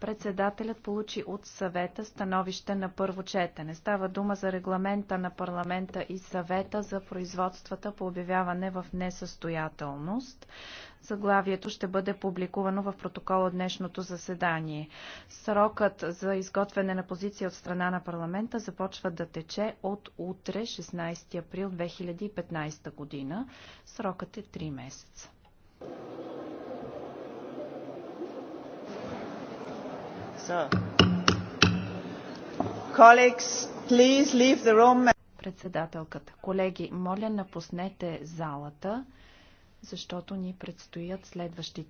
Председателят получи от съвета становище на първо четене. Става дума за регламента на парламента и съвета за производствата по обявяване в несъстоятелност. Заглавието ще бъде публикувано в протокол от днешното заседание. Срокът за изготвяне на позиция от страна на парламента започва да тече от утре, 16 април 2015 година. Срокът е 3 месеца. Председателката. Колеги, моля напуснете залата, защото ни предстоят следващите